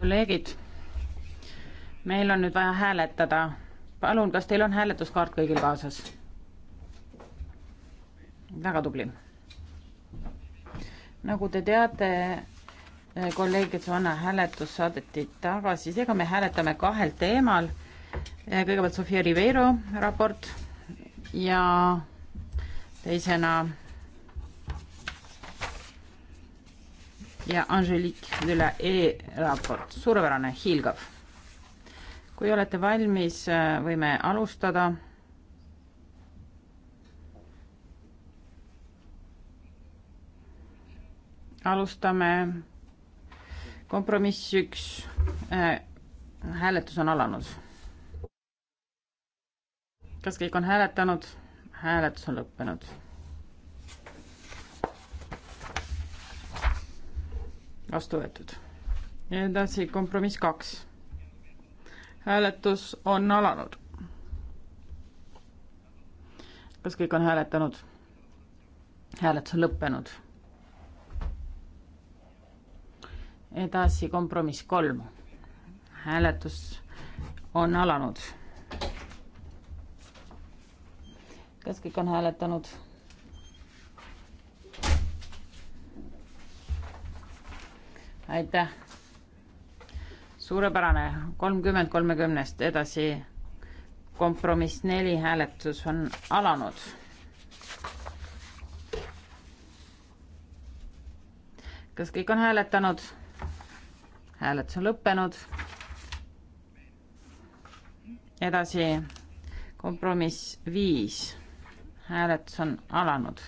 kolleegid, meil on nüüd vaja hääletada. palun, kas teil on hääletuskaart kõigil kaasas? väga tubli. nagu te teate, eh, kolleeg Joanna hääletus saadeti tagasi, seega me hääletame kahel teemal. Eh, kõigepealt Sofia Rivero raport ja teisena ja Angelique de la E-raport, suurepärane, hiilgav. kui olete valmis, võime alustada. alustame kompromiss üks äh,, hääletus on alanud. kas kõik on hääletanud? hääletus on lõppenud vastu võetud. edasi kompromiss kaks. hääletus on alanud. kas kõik on hääletanud? hääletus on lõppenud. edasi kompromiss kolm. hääletus on alanud. kas kõik on hääletanud? aitäh. suurepärane, kolmkümmend kolmekümnest edasi. kompromiss neli hääletus on alanud. kas kõik on hääletanud? hääletus on lõppenud. edasi kompromiss viis, hääletus on alanud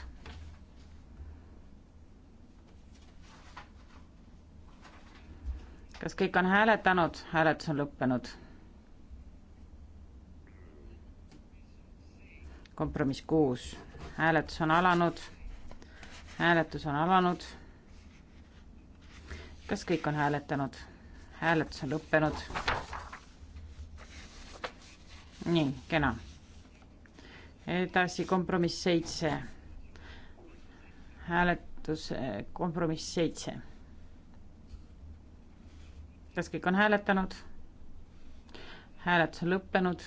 kas kõik on hääletanud? hääletus on lõppenud. kompromiss kuus, hääletus on alanud, hääletus on alanud. kas kõik on hääletanud? hääletus on lõppenud. nii, kena. edasi kompromiss seitse hääletus eh, kompromiss seitse kas kõik on hääletanud? hääletus on lõppenud.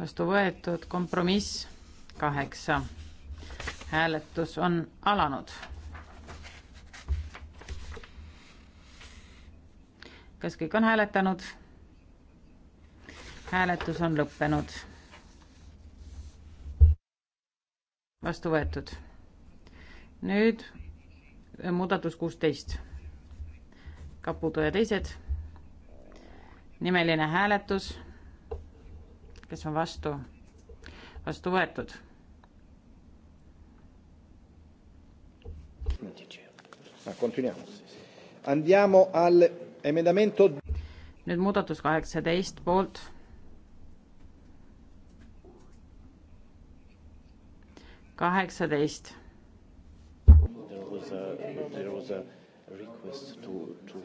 vastu võetud kompromiss kaheksa. hääletus on alanud. kas kõik on hääletanud? hääletus on lõppenud. vastu võetud. nüüd muudatus kuusteist Caputo ja teised. nimeline hääletus. kes on vastu? vastu võetud. nüüd muudatus kaheksateist poolt. kaheksateist. There was a, there was a request to, to,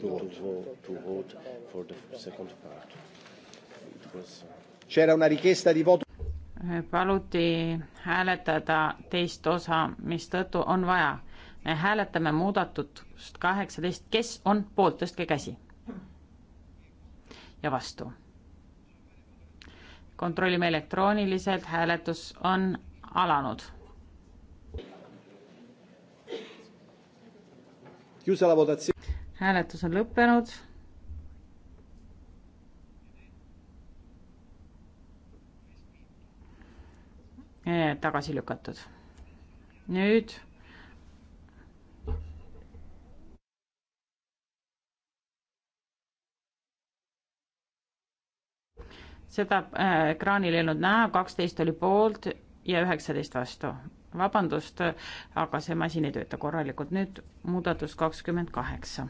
to, vote. to, vote, to vote for the second part. It was... Uh, C'era una richiesta di voto. Eh, paluti hääletada teist osa, mistõttu on vaja. me hääletame muudatust kaheksateist, kes on poolt, tõstke käsi. ja vastu. kontrollime elektrooniliselt, hääletus on alanud hääletus on lõppenud. tagasi lükatud. nüüd seda äh, ekraanil ei olnud näha, kaksteist oli poolt ja üheksateist vastu vabandust, aga see masin ei tööta korralikult. nüüd muudatus kakskümmend kaheksa.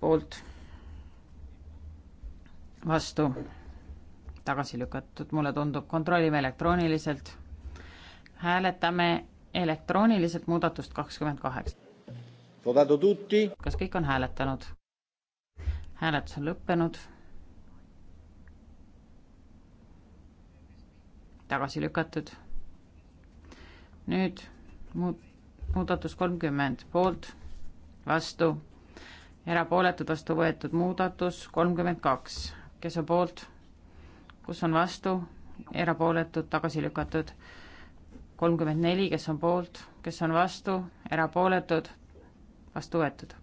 poolt, vastu, tagasi lükatud, mulle tundub, kontrollime elektrooniliselt. hääletame elektrooniliselt muudatust kakskümmend kaheksa. kas kõik on hääletanud? hääletus on lõppenud tagasi lükatud nüüd muud, muudatus kolmkümmend poolt, vastu, erapooletud, vastu võetud muudatus kolmkümmend kaks, kes on poolt, kus on vastu, erapooletud, tagasi lükatud, kolmkümmend neli, kes on poolt, kes on vastu, erapooletud, vastu võetud.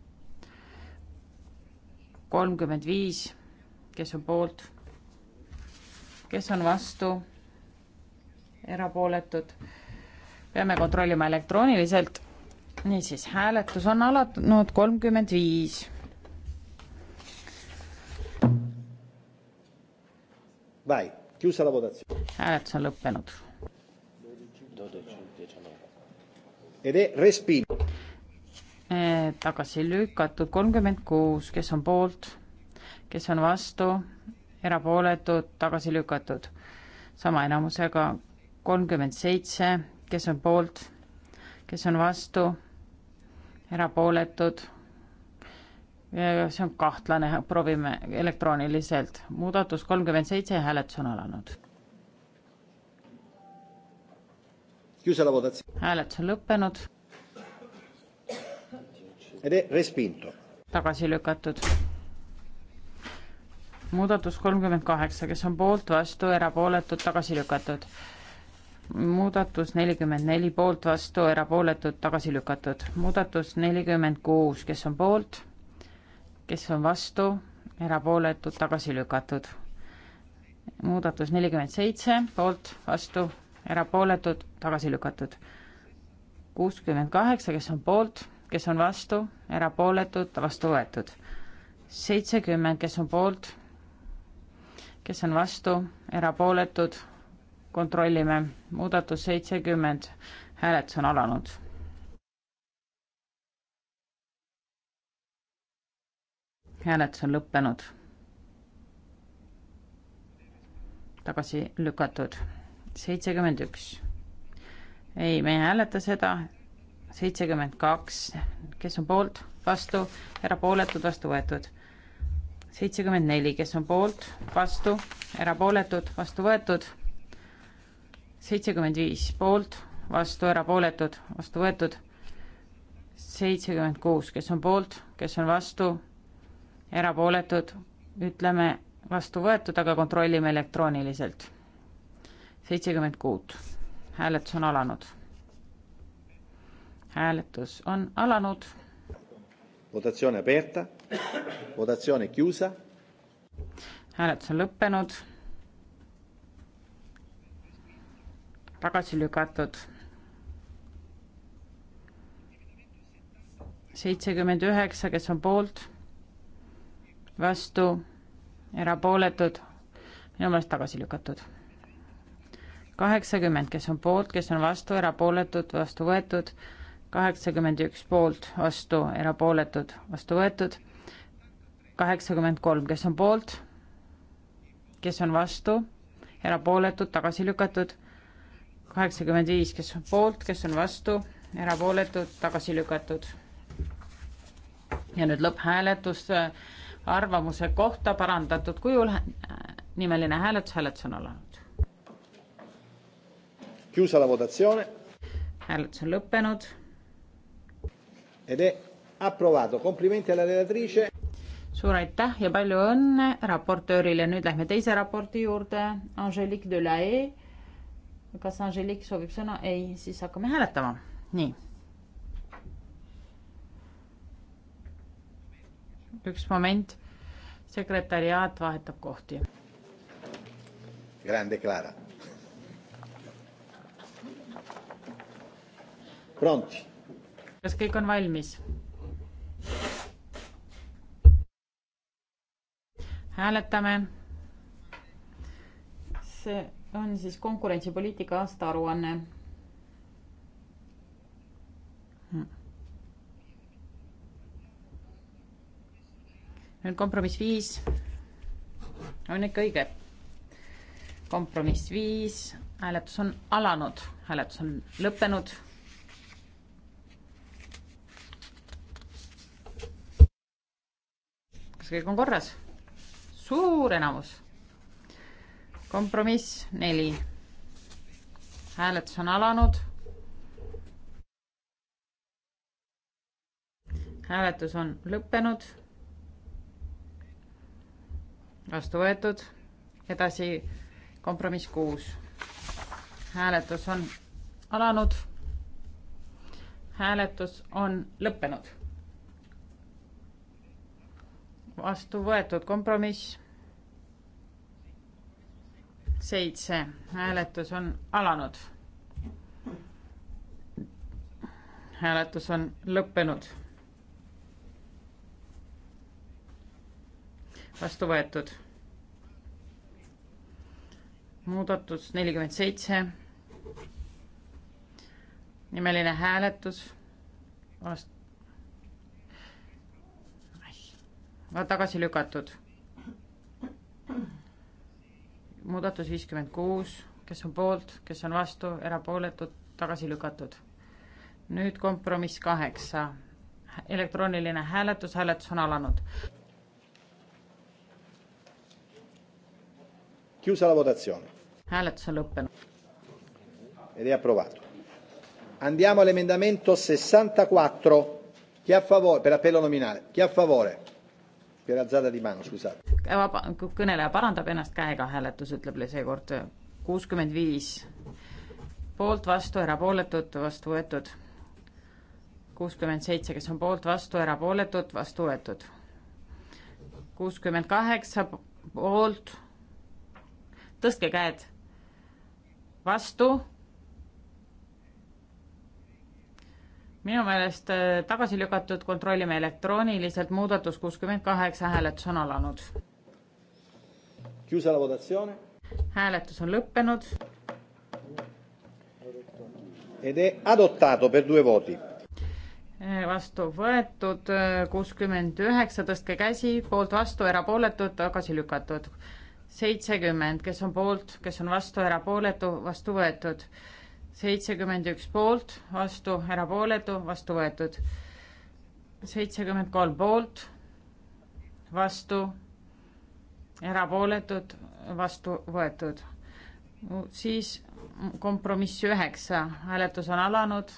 kolmkümmend viis, kes on poolt, kes on vastu, erapooletud peame kontrollima elektrooniliselt. niisiis, hääletus on alanud kolmkümmend viis. hääletus on lõppenud. Äh, tagasi lükatud kolmkümmend kuus, kes on poolt, kes on vastu, erapooletud, tagasi lükatud. sama enamusega kolmkümmend seitse, kes on poolt, kes on vastu, erapooletud. see on kahtlane, proovime elektrooniliselt. muudatus kolmkümmend seitse, hääletus on alanud. hääletus on lõppenud. tagasi lükatud muudatus kolmkümmend kaheksa, kes on poolt, vastu, erapooletud, tagasi lükatud muudatus nelikümmend neli poolt, vastu, erapooletud, tagasi lükatud. muudatus nelikümmend kuus, kes on poolt, kes on vastu, erapooletud, tagasi lükatud. muudatus nelikümmend seitse, poolt, vastu, erapooletud, tagasi lükatud. kuuskümmend kaheksa, kes on poolt, kes on vastu, erapooletud, vastu võetud. seitsekümmend, kes on poolt, kes on vastu, erapooletud, kontrollime. muudatus seitsekümmend, hääletus on alanud. hääletus on lõppenud. tagasi lükatud. seitsekümmend üks. ei, me ei hääleta seda. seitsekümmend kaks, kes on poolt, vastu, erapooletud, vastu võetud seitsekümmend neli, kes on poolt, vastu, erapooletud, vastu võetud, seitsekümmend viis poolt, vastu erapooletud, vastu võetud. seitsekümmend kuus, kes on poolt, kes on vastu, erapooletud, ütleme vastu võetud, aga kontrollime elektrooniliselt. seitsekümmend kuut, hääletus on alanud. hääletus on alanud. Votatsioon aperta, votatsioon chiusa. hääletus on lõppenud tagasi lükatud. seitsekümmend üheksa, kes on poolt, vastu, erapooletud, minu meelest tagasi lükatud. kaheksakümmend, kes on poolt, kes on vastu, erapooletud, vastu võetud, kaheksakümmend üks poolt, vastu, erapooletud, vastu võetud, kaheksakümmend kolm, kes on poolt, kes on vastu, erapooletud, tagasi lükatud kaheksakümmend viis, kes on poolt, kes on vastu, erapooletud, tagasi lükatud. ja nüüd lõpphääletus äh, arvamuse kohta parandatud kujul. Äh, nimeline hääletus, hääletus on alanud. hääletus on lõppenud. suur aitäh ja palju õnne raportöörile, nüüd lähme teise raporti juurde, Angelique Delahaye kas Angelique soovib sõna? ei, siis hakkame hääletama. nii. üks moment. sekretäriaat vahetab kohti. Grande Clara. Pronti. kas kõik on valmis? hääletame. see on siis konkurentsipoliitika aasta aruanne. nüüd kompromiss viis on ikka õige. kompromiss viis, hääletus on alanud, hääletus on lõppenud. kas kõik on korras? suur enamus kompromiss neli. hääletus on alanud. hääletus on lõppenud. vastu võetud. edasi kompromiss kuus. hääletus on alanud. hääletus on lõppenud. vastu võetud kompromiss seitse, hääletus on alanud. hääletus on lõppenud. vastu võetud. muudatus nelikümmend seitse. nimeline hääletus. vastu. tagasi lükatud muudatus viiskümmend kuus, kes on poolt, kes on vastu, erapooletud, tagasi lükatud. nüüd kompromiss kaheksa, elektrooniline hääletus, hääletus on alanud. hääletus on lõppenud. Ed è approvato. Andiamo all'emendamento 64. Chi a favore? Per appello nominale. Chi a favore? Per alzata di mano, scusate kõneleja parandab ennast käega, hääletus ütleb seekord kuuskümmend viis poolt, vastu, erapooletud, vastu võetud. kuuskümmend seitse, kes on poolt, vastu, erapooletud, vastu võetud. kuuskümmend kaheksa poolt, tõstke käed, vastu. minu meelest äh, tagasi lükatud, kontrollime elektrooniliselt, muudatus kuuskümmend kaheksa, hääletus on alanud hääletus on lõppenud. Eh, vastu võetud eh, kuuskümmend üheksa, tõstke käsi, poolt vastu, erapooletud, tagasi lükatud. seitsekümmend, kes on poolt, kes on vastu, erapooletu, vastu võetud. seitsekümmend üks poolt, vastu, erapooletu, vastu võetud. seitsekümmend kolm poolt, vastu erapooletud, vastu võetud. siis kompromiss üheksa, hääletus on alanud,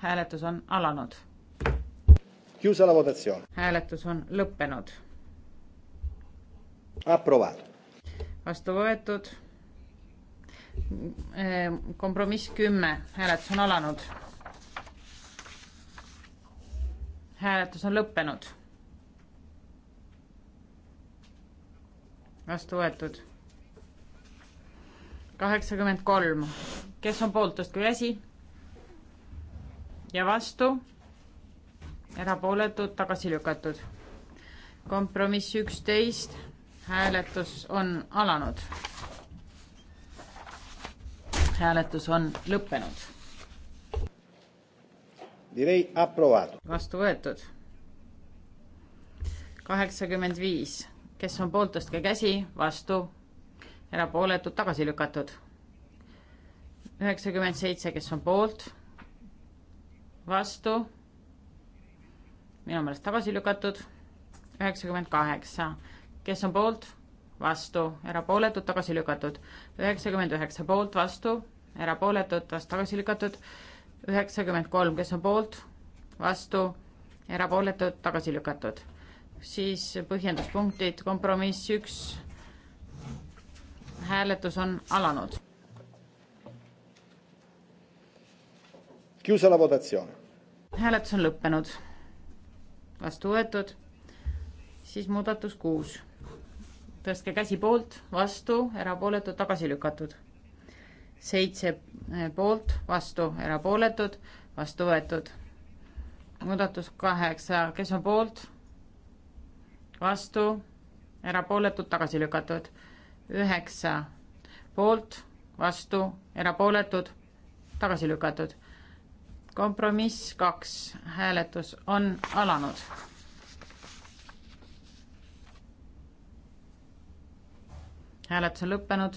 hääletus on alanud. hääletus on lõppenud. vastu võetud. Ehm, kompromiss kümme, hääletus on alanud. hääletus on lõppenud vastu võetud. kaheksakümmend kolm, kes on poolt, tõstku käsi. ja vastu, erapooletud, tagasi lükatud. kompromiss üksteist, hääletus on alanud. hääletus on lõppenud. vastu võetud. kaheksakümmend viis kes on poolt, tõstke käsi, vastu, erapooletud, tagasi lükatud. üheksakümmend seitse, kes on poolt, vastu, minu meelest tagasi lükatud, üheksakümmend kaheksa, kes on poolt, vastu, erapooletud, tagasi lükatud, üheksakümmend üheksa poolt, vastu, erapooletud, tagasi lükatud, üheksakümmend kolm, kes on poolt, vastu, erapooletud, tagasi lükatud siis põhjenduspunktid, kompromiss üks. hääletus on alanud. hääletus on lõppenud. vastu võetud, siis muudatus kuus. tõstke käsi poolt, vastu, erapooletud, tagasi lükatud. seitse poolt, vastu, erapooletud, vastu võetud. muudatus kaheksa, kes on poolt? vastu, erapooletud, tagasi lükatud. üheksa poolt, vastu, erapooletud, tagasi lükatud. kompromiss kaks, hääletus on alanud. hääletus on lõppenud.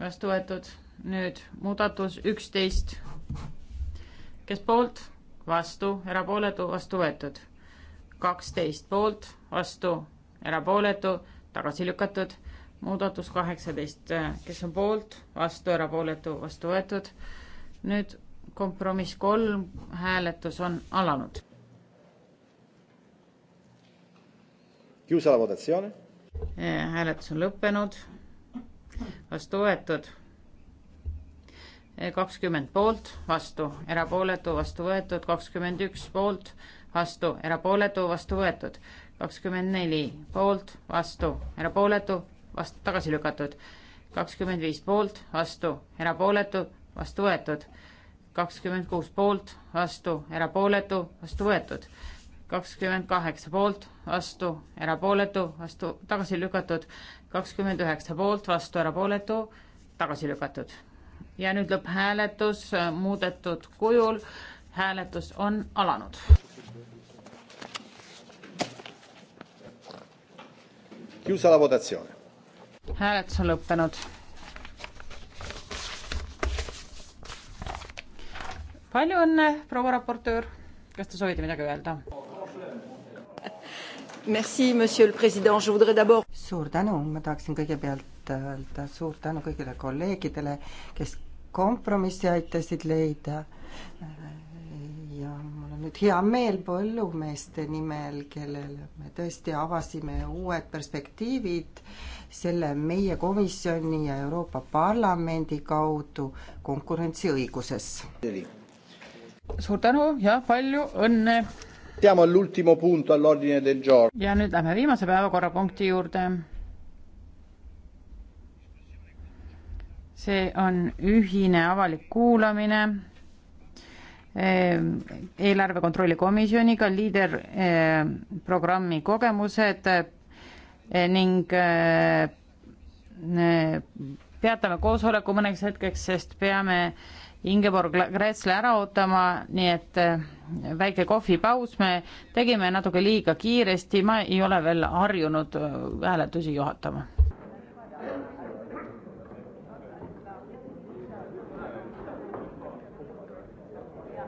vastu võetud, nüüd muudatus üksteist. kes poolt, vastu, erapooletu, vastu võetud kaksteist poolt, vastu, erapooletu, tagasi lükatud. muudatus kaheksateist, kes on poolt, vastu, erapooletu, vastu võetud. nüüd kompromiss kolm, hääletus on alanud. hääletus on lõppenud, vastu võetud kakskümmend poolt, vastu, erapooletu, vastu võetud, kakskümmend üks poolt, vastu, erapooletu, vastu võetud. kakskümmend neli poolt, vastu, erapooletu, vastu, tagasi lükatud. kakskümmend viis poolt, vastu, erapooletu, vastu võetud. kakskümmend kuus poolt, vastu, erapooletu, vastu võetud. kakskümmend kaheksa poolt, vastu, erapooletu, vastu, tagasi lükatud. kakskümmend üheksa poolt, vastu, erapooletu, tagasi lükatud ja nüüd lõpphääletus äh, muudetud kujul hääletus on alanud. hääletus on lõppenud. palju õnne, proua raportöör, kas te soovite midagi öelda? Merci, monsieur le president, je voudrais d'abord. suur tänu, ma tahaksin kõigepealt öelda suur tänu kõigile kolleegidele, kes kompromissi aitasid leida nüüd hea meel põllumeeste nimel, kellele me tõesti avasime uued perspektiivid selle meie komisjoni ja Euroopa Parlamendi kaudu konkurentsiõiguses. suur tänu ja palju õnne! Siamo all'ultimo punto all'ordine del giorno. ja nüüd lähme viimase päevakorrapunkti juurde. see on ühine avalik kuulamine Ehm, eelarve kontrolli komisjoniga, liider ehm, programmi kogemused eh, ning eh, peatame koosoleku mõneks hetkeks, sest peame Ingeborg Gräzle ära ootama, nii et eh, väike kohvipaus, me tegime natuke liiga kiiresti, ma ei ole veel harjunud hääletusi juhatama